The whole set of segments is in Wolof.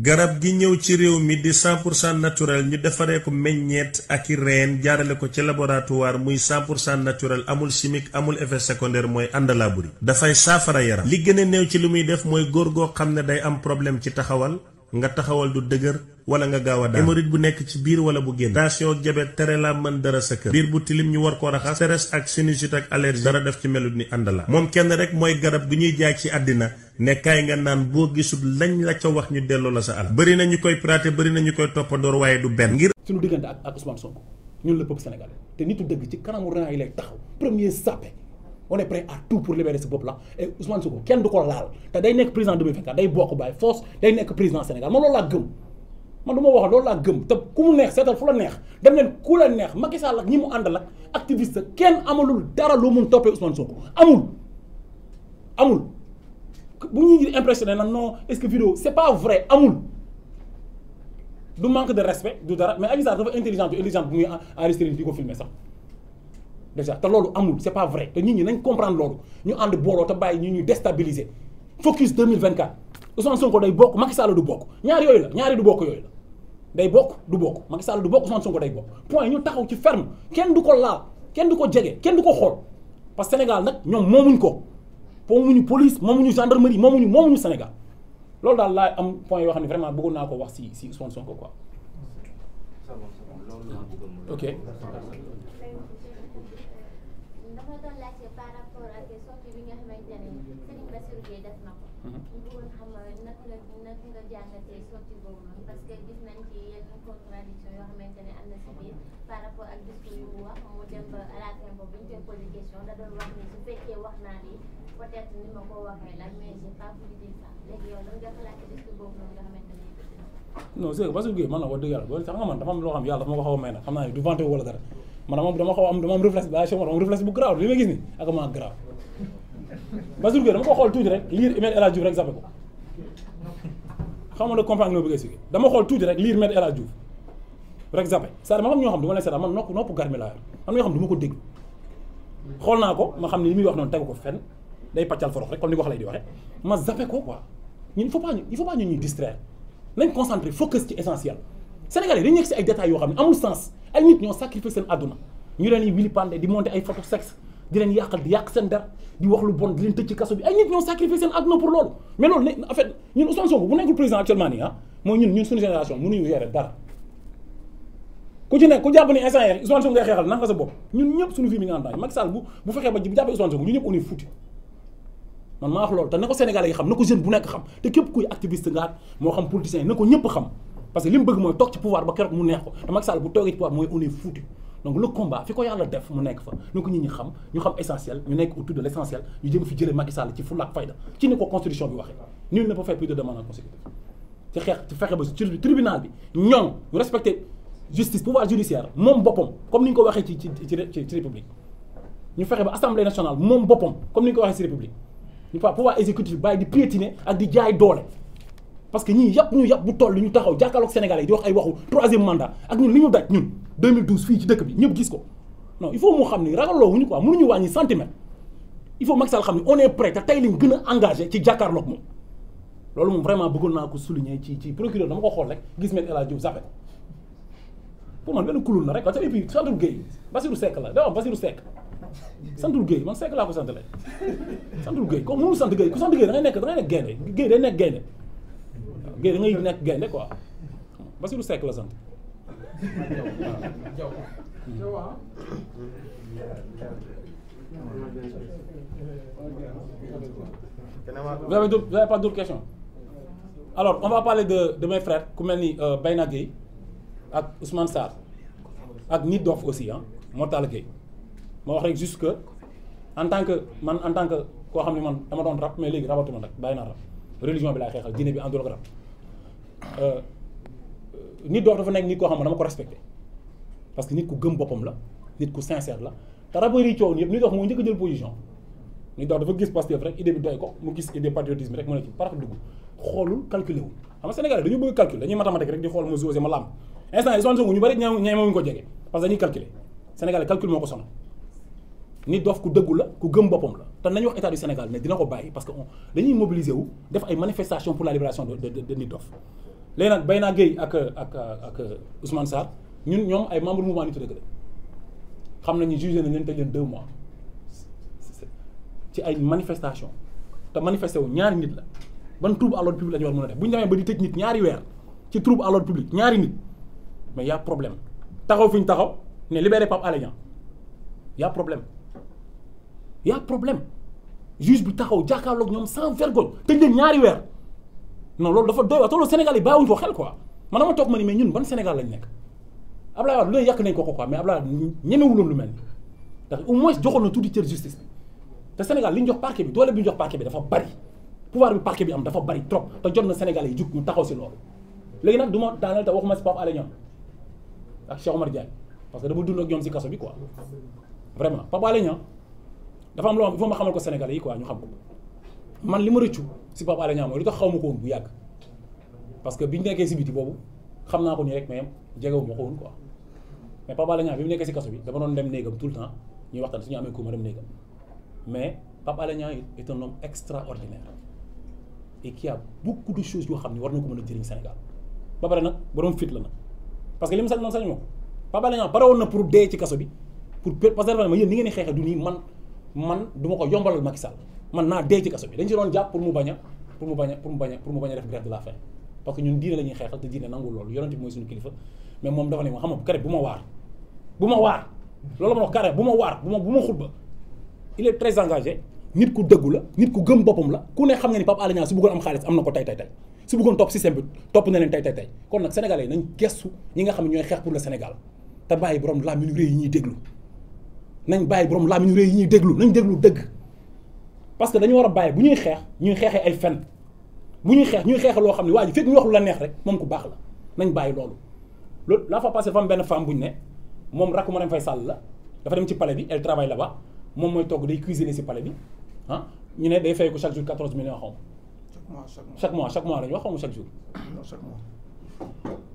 garab gi ñëw ci réew mi di 100 pour cent naturel ñu defaree ko meññeet ak i reen jaarale ko ci laboratoire muy 100 pour cent naturel amul chimique amul effet secondaire mooy àndalaaburi dafay saafara yaram li gën a néew ci li muy def mooy góor goo xam ne day am problème ci taxawal nga taxawal du dëgër wala nga gaaw a daan hémorroïde bu nekk ci biir wala bu génn tension ak tere la mën dara sa kër biir bu tilim ñu war koo raxas stress ak sinusite ak allergie dara def ci melut ni àndala moom kenn rek mooy garab gi ñuy jaay ci àddina ne kaay nga naan boo gisul lañ la ca wax ñu delloo la sa alal bëri na ñu koy prate bari na ñu koy toppandoor waaye du benn ngir suñu diggante ak ak Ousmane Sonko ñun la peuple sénégalais te nitu dëgg ci kanamu ren yi taxaw premier sape on est prêt à tout pour libérer ce peuple là et Ousmane Sonko kenn du ko laal te day nekk président 2024 day bokk bàyyi force day nekk président Sénégal man loolu laa gëm man du ma wax loolu laa gëm te ku mu neex seetal fu la neex dem leen ku la neex Macky Sall ak ñi mu àndal ak activiste kenn amalul dara loo mun toppee Ousmane Sonko amul amul bu ñuy impressionné nag non est-ce que vidéo c'est pas vrai amul du manque de respect du dara mais Adji Sarr dafa intelligente intelligente bu muy enregistré di ko déjà te loolu amul c'est pas vrai te nit ñi nañ comprendre loolu ñu ànd booloo te bàyyi ñu ñuy déstabiliser focus 2024 Ousmane Sonko day bokk Macky Sall du bokk ñaar yooyu la ñaari du bokk yooyu la day bokk du bokk Macky Sall du bokk Ousmane ko day bokk point ñu taxaw ci ferme kenn du ko laal kenn du ko jege kenn du ko xool parce que Sénégal nag ñoom moomuñ ko moomuñu police moomuñu gendarmerie moomuñu moomuñu Sénégal loolu daal laay am point yoo xam ne vraiment bëggoon naa ko wax si si Ousmane Sonko quoi. ok. dama doon laajte par rapport ak sortie bi nga xamante ne Serigne Bassirou Gueye def na ko. ñu mhm. bëggoon xam naka nga naka nga jàngatee sortie boobu noonu parce que gis nañ ci yenn contradiction yoo xamante ne am na si biir par rapport ak discours yu mu wax mu dem ba à la fin boobu ñu koy posé question da doon wax ni su fekkee wax naa ni peut être ni ma ko waxee la mais j'ai pas voulu dire ça léegi yow lan nga xalaat discours boobu noonu nga xamante ne. non c'est que Bassirou Gueye man la wax dëgg yàlla loolu sax nga man dafa am loo xam yàlla dafa ma ko xaw a may nag xam naa ne du vanté wala dara. man moom dama xaw am dama am réflexe bi Cheikh Omar am réflexe bu grave li ma gis ni ak ma grave Bassirou Gueye dama ko xool tuuti rek liir Maître El rek zappe ko nga nag comprendre nga bëgg dama xool tuuti rek liir Maître El Hadj Diouf rek zappe cest ma xam ñoo xam du ma leen seetaan man nopp nopp garmi laa am ñoo xam du ma ko dégg xool naa ko ma xam ne li muy wax noonu tegu ko fenn day pàccal forox rek comme ni ko wax lay di waxee ma zappe ko quoi ñun il faut pas ñu il faut pas ñu ñuy distraire nañ concentré focus ci essentiel Sénégalais dañu nekk si ay détails yoo xam ne amul sens ay nit ñoo sacrifier seen àdduna ñu leen di vilipender di monter ay photo di leen yàqal di yàq seen der di wax lu bon di leen tëj ci kaso bi ay nit ñoo sacrifier seen àdduna pour loolu mais loolu ne en fait ñun Ousmane Sonko bu nekkul ah, nekk ku jàpp ni instant ñëpp suñu vie man maa wax loolu te na ko sénégalais yi xam na ko jeune bu nekk xam te képp kuy activiste nga moo xam politicien na ko ñëpp xam parce que li mu bëgg mooy toog ci pouvoir ba keroog mu neex ko te Macky Sall bu toogee ci pouvoir mooy on est donc le combat fi ko yàlla def mu nekk fa nu ko nit ñi xam ñu xam essentiel ñu nekk autour de l' ñu jëm fi jëlee Macky ci fulla ak fayda ci ni ko constitution bi waxee nul ne peut faire plus de demande en ci xeex ci fexe ba ci bi ñoom ñu respecté justice pouvoir judiciaire moom boppam comme ni ñu ko waxee ci ci ci ci république ñu comme ni ñu ko parce que ñii yàpp ñu yàpp bu toll ñu taxaw jàkkaarloog Sénégalais di wax ay waxu troisième mandat ak ñun li ñu daj ñun 2012 fii ci dëkk bi ñëpp gis ko non il faut moo xam ñu ragaloo wuñu quoi mënuñu wàññi centimètre il faut Macky Sall xam ne on est prêt te gën a engagé ci jàkkaarloog moom loolu moom vraiment bëggoon naa ko souligner ci ci procureur dama ko xool rek gis met El Hadj Diouf zappé pour man benn kulul na rek et puis santul Guèye Basirou Seck la da Basirou Seck santul Guèye man Seck laa ko sant la santul Guèye ko mënul sant Guèye ku sant Guèye da nekk da ngay nekk gay da ngay nekk gaynde quoi Bassirou Seck la sant waaw vous avez vous avez pas d'autres questions alors on parler de de mes frères ku mel ni euh, baynag Gueye ak Ousmane Sarr ak Nit Dof aussi ah Mortal Gueye ma wax rek juste que en tant que man en tant que koo xam ne man dama doon rap mais léegi rabatuma nag bàyyi naa rap religion bi laay xeexal diine bi àndul ak Euh, nit dox dafa nekk nit koo xam ne dama ko respecté parce que nit ku gëm boppam la nit ku sincère la te rappeurs yi coow yëpp nit dox moo njëkk jël position nit dox dafa gis Pastef rek idée bi doy ko mu gis idée patriotisme rek mu ne ci parax dugg xoolul calculé wul xam nga di xool ma ma laam bari ko jege parce que nit dof ku dëggu la ku gëm la te nañu wax état du ko bàyyi parce que on dañuy mobiliser wu def ay manifestation pour la léegi nag Bayna Gueye ak ak ak Ousmane Sarr ñun ñoom ay membre mouvement Nittu Dëgg la xam nañu jugé nañ leen tëj leen deux mois ci ay manifestation te manifesté wu ñaari nit la ban trouble à l'ordre public la ñu war mun a def bu ñu demee ba di tëj nit ñaari weer ci trouble à l'ordre public ñaari nit mais y problème taxaw fi ñu taxaw ne libéré Pape Alé Niang y a problème y problème juge bi taxaw jàkkaarloog ñoom sans vergogne tëj leen ñaari weer non loolu dafa doy waar te loolu Sénégal yi bàyyiwuñu ko xel quoi man dama toog ma ni mais ñun ban Sénégal lañ nekk Abdoulaye Wade lu ne yàq nañ ko ko quoi mais Abdoulaye ñemewuloon lu mel ni ndax au moins joxoon na tuuti cër justice bi te Sénégal li ñu jox parquet bi doole bi ñu jox parquet bi dafa bari pouvoir bi parquet bi am dafa bari trop te jot na Sénégal yi jug ñu taxaw si loolu léegi nag du ma daaneel te waxuma si Pape Alé Niang ak Cheikh Omar Diagne parce que dama dund ak ñoom si kaso bi quoi vraiment Pape Alé dafa am loo xam ma xamal ko Sénégalais yi quoi ñu xam ko man li ma rëccu si Pape Alé Niang mooy li tax xaw ma ko woon bu yàgg parce que bi nekkee si biti boobu xam naa ko nii rek mais jegewu ma ko woon ko mais Pape Alé Niang bi mu nekkee si kaso bi dama doon dem néegam tout le temps ñuy waxtaan suñu amee ko ma mais Pape Alé Niang est un homme extraordinaire et qui a yoo xam ne war na ko mën a jëriñ Sénégal ba pare nag borom fit la nag parce que li mu sañ man sañ ma ko Pape Alé woon na pour dee ci kaso bi pour parce que dafa ma yéen ni ngeen di du nii man man duma ko yombalal Macky Sall man naa dee ci kaso bi dañ ci doon jàpp pour mu bañ a pour mu bañ a pour mu bañ a pour mu bañ a def grève de la faim parce que ñun diine la ñuy xeexal te diine nangul loolu yonent bi mooy suñu kilifa mais moom dafa ne ma xam nga bu ma waar bu ma waar loolu ma wax carré bu ma waar bu ma bu ma xutba il est très engagé nit ku dëggu la nit ku gëm boppam la ku ne xam nga ni Pape Alé Niang su bëggoon am xaalis am na ko tey tey tey su bëggoon topp système bi topp na leen tey tey tey kon nag sénégalais nañ gestu ñi nga xam ne ñooy xeex pour le Sénégal te bàyyi borom làmmiñu réew yi ñuy déglu nañ bàyyi borom làmmiñu réew yi ñuy déglu nañ déglu dëgg parce que dañu war a bàyyi bu ñuy xeex ñuy xeexee ay fen bu ñuy xeex ñuy xeex loo xam ne waa ji fekk ñu wax lu la neex rek moom ku baax la nañ bàyyi loolu. loolu la fa passé fam benn femme bu ñu ne moom rakk Marème Faye Sall la dafa dem ci palais bi elle travaille là-bas moom mooy togg day cuisiner ci pale bi ah ñu ne day fay ko chaque jour 14 millions xaw ma. chaque mois chaque mois la ñu wax xaw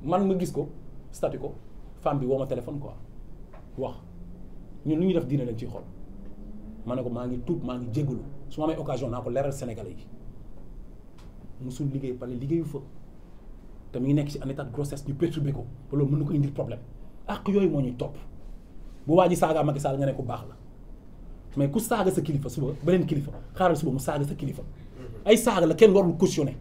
man ma gis ko statut ko femme bi woo ma téléphone quoi wax ñun lu ñuy def diine lañ ciy xool ma ne ko maa ngi tuub maa ngi su ma amee occasion naa ko leeral Sénégalais yi musul liggéey pare liggéeyu fa te mu ngi nekk ci en état de grossesse ñu perturbé ko ba loolu mën na ko indi problème ak yooyu moo ñuy topp bu waa ji saagaa Macky Sall nga ne ko baax la mais ku saaga sa kilifa suba beneen kilifa xaaral suba mu saaga sa kilifa mm-hmm. ay saaga la kenn warul cautionné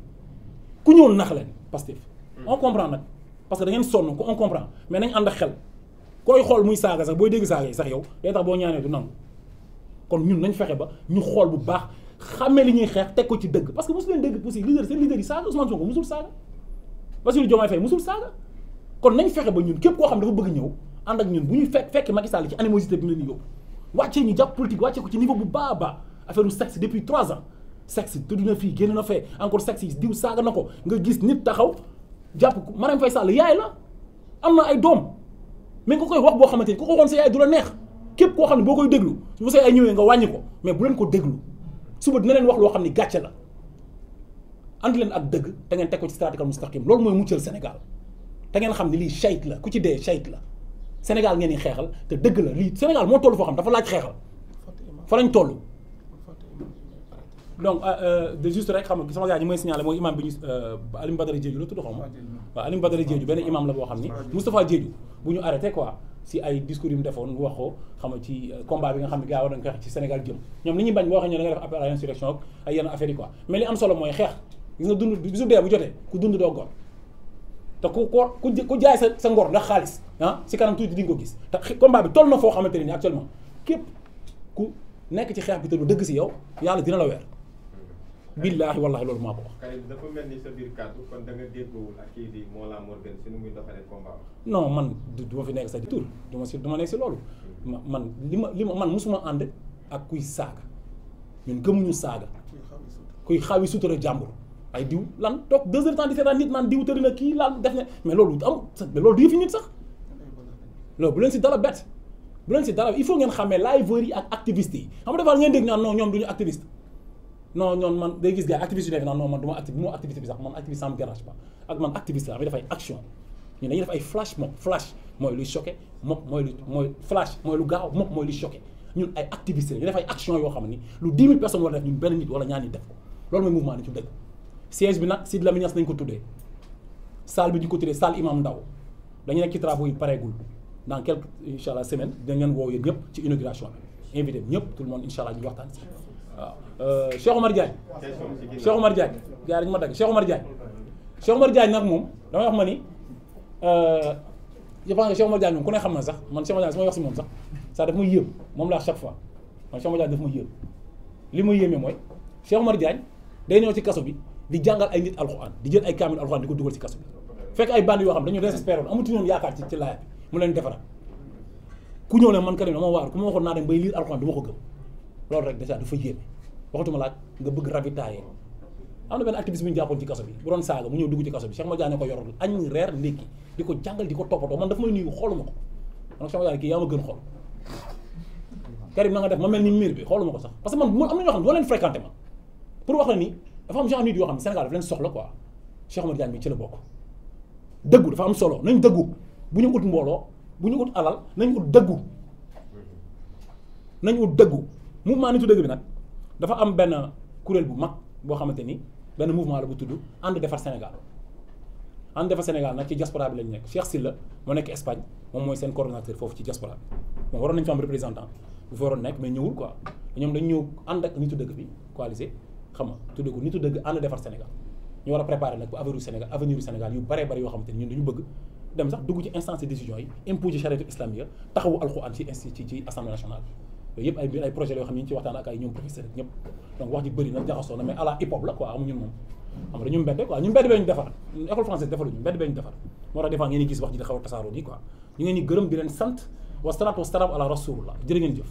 ku ñëw nax leen Pastef mm-hmm. on comprend nag parce que da ngeen sonn ko on comprend mais nañ ànd ak xel koy xool muy saaga sax booy dégg saaga sax yow day tax boo ñaanee du nangu kon ñun nañ fexe ba ñu xool bu baax xàmmee li ñuy xeex teg ko ci dëgg parce que mosu leen dëgg aussi leader seen leader yi saaga Ousmane Sonko mosul saaga Bassirou Diomaye Faye mosul saaga kon nañ fexe ba ñun képp koo xam dafa bëgg ñëw ànd ak ñun ñu fekk fekk Macky Sall ci animosité bi mu leen yóbbu wàccee ñu jàpp bu baax a baax affaire u sexe depuis trois ans sexe tudd na fii génn na na ko nga gis nit taxaw jàpp ko Marème Faye Sall yaay la am na ay doom mais nga koy wax boo xamante ni ku ko waxoon sa yaay du la neex képp koo xam ne boo koy déglu bu say ay ñëwee nga wàññi ko mais bu leen ko déglu suba dina leen wax loo xam ne gàcce la andi leen ak dëgg te ngeen teg ko ci siraatal mustaqim loolu mooy muccal Sénégal te ngeen xam ne lii chayit la ku ci dee chayit la Sénégal ngeen di xeexal te dëgg la lii Sénégal moo toll foo xam dafa laaj xeexal fa lañ toll. donc euh, euh, de juste rek xam nga sama gars ñi may mooy imam bi ñu euh, Alioune Badara Diédhiou la tudd xaw ma waaw Alioune la boo xam ni Moustapha Diédhiou bu ñu arrêté quoi si ay discours yu mu defoon ko xam nga ci euh, combat bi nga xam ne gars war nañu ko xeex ci Sénégal jëm ñoom li ñuy bañ boo waxee ñu da nga def appel à l'insurrection ak ay yenn affaire yi quoi mais li am solo mooy xeex gis nga dund bisu dee bu jotee ku dund doo gor te ku ko ku jaay sa sa ngor ndax xaalis ah si kanam tuuti di nga ko gis te combat bi toll na foo xamante ne nii actuellement képp ku nekk ci xeex bi te du dëgg si yow yàlla dina la weer billaahi wallaahi loolu maa ko wax. Karim dafa mel ni man du ma fi nekk sa tur du ma si du ma nekk si loolu. man li ma li ma man mosuma ànd ak kuy saaga ñun gëmuñu saaga. kuy xaawi sutura jàmbur. ay diw lan toog deux heures de temps di seetaan nit naan diw tëri na kii laal def ne mais loolu am loolu du yëfi nit sax loolu bu leen si dara bett bu leen si dara il faut ngeen xàmmee liveurs yi ak activistes yi xam nga dafa ngeen dégg naan non ñoom du ñu activiste non ñoon man day gis gars activiste yu nekk naan non man du ma activité moo activité bi sax man activiste ça me dérange pas ak man activiste la mi dafay action ñu dañuy def ay flash mob flash mooy luy choqué mob mooy lu mooy flash mooy lu gaaw mob mooy luy choqué ñun ay def ay action yoo xam ni lu di 000 personnes war def ñun benn nit wala ñaar def ko loolu mooy mouvement ni ci dëgg siège bi nag Sidy Lamine Niass nañ ko tuddee salle bi ñu ko tuddee salle imam Ndao dañu nekk yi pareegul dans quelques incha allah semaine dinañ leen woow yéen ñëpp ci inauguration bi invité ñëpp tout le monde incha allah waaw euh, Cheikh Omar Diagne Cheikh Omar Diagne gars dañu ma dagg Cheikh Omar Diagne Cheikh Omar Diagne nag moom damay wax ma ni euh, je pense moom ku ne xam na sax man Cheikh Omar Diagne su may wax si moom sax ça daf may yéem moom laa chaque fois man Cheikh Omar Diagne daf may yéem li ma yéeme mooy Cheikh Omar day ñëw ci kaso bi di jàngal ay nit alxuraan di jël ay kaamil alxuraan di ko dugal ci kaso bi fekk ay band yoo xam dañu désespéré woon amatuñu yaakaar ci ci laaya bi mu leen defaraat ku ñëw ne man Karim dama waar ku ma waxoon naa dem bay liir ko gëm loolu rek dèjà dafa yéeme waxatuma laaj nga bëgg ravitailler am na benn activiste bu ñu ci kaso bi bu doon saaga mu ñëw dugg ci kaso bi Cheikh Madiane ko yorul añ reer ndékki di ko jàngal di ko toppatoo man dafa may nuyu xooluma ko man Cheikh Madiane kii yaa na nga ma mel ni miir bi xooluma ko sax parce que man am na ñoo xam ne doo leen fréquenté man pour wax la ni xam ne Sénégal daf leen soxla quoi Cheikh Madiane ci la bokk dëggu dafa am solo nañ dëggu bu ñu ut mbooloo bu ñu ut alal nañ ut dëggu nañ ut dëggu mouvement nitu dëgg bi nag dafa am benn kurél bu mag boo xamante ni benn mouvement la bu tudd ànd defar Sénégal ànd defar Sénégal nag ci diaspora bi lañu nekk Cheikh Sylla moo nekk Espagne moom mooy seen coordonnateur foofu ci diaspora bi moom waroon nañu fa am représentant bu fa waroon nekk mais ñëwul quoi ñoom dañ ñëw ànd ak nitu dëgg bi coalisé xam nga tudd ko nitu dëgg ànd defar Sénégal ñu war a préparer nag bu avenir Sénégal yu baree bari yoo xamante ni ñun dañu bëgg dem dugg ci instance décision yi imposer chariatu islamique taxawu ci ci ci yooyu yëpp ay mbir ay projet la yoo xam ne ñu ci waxtaan ak ñoom professeur ak donc wax ji bëri na jaxasoo na mais à la hip la quoi amuñu moom xam nga ñun mbedd quoi ñun mbedd bee ñu defar école française defaluñu mbedd bee ñu defar moo tax des ngeen gis wax ji di xaw a tasaaroo nii ñu ngeen di gërëm di leen sant wa salaatu wa salaam ala rasulullah jërë ngeen jëf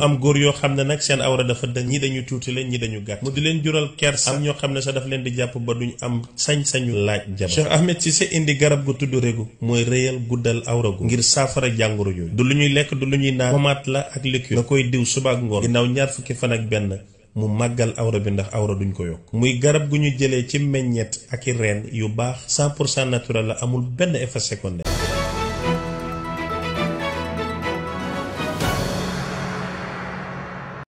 am góor yoo xam ne nag seen awra dafa dañ ñi dañu tuuti leen ñi dañu gàtt mu di leen jural kers am ñoo xam ne sa daf leen di jàpp ba duñ am sañ-sañu laaj jabar Cheikh Ahmed Cissé indi garab gu tudd régu mooy réyal guddal awra gu ngir saafara jàngoro yooyu du lu ñuy lekk du lu ñuy naan pomaat la ak liquide nga koy diw suba ak ngoon ñaar fukki fan ak benn mu màggal awra bi ndax awra duñ ko yokk muy garab gu ñu jëlee ci meññeet ak i reen yu baax 100 pour cent naturel la amul benn effet secondaire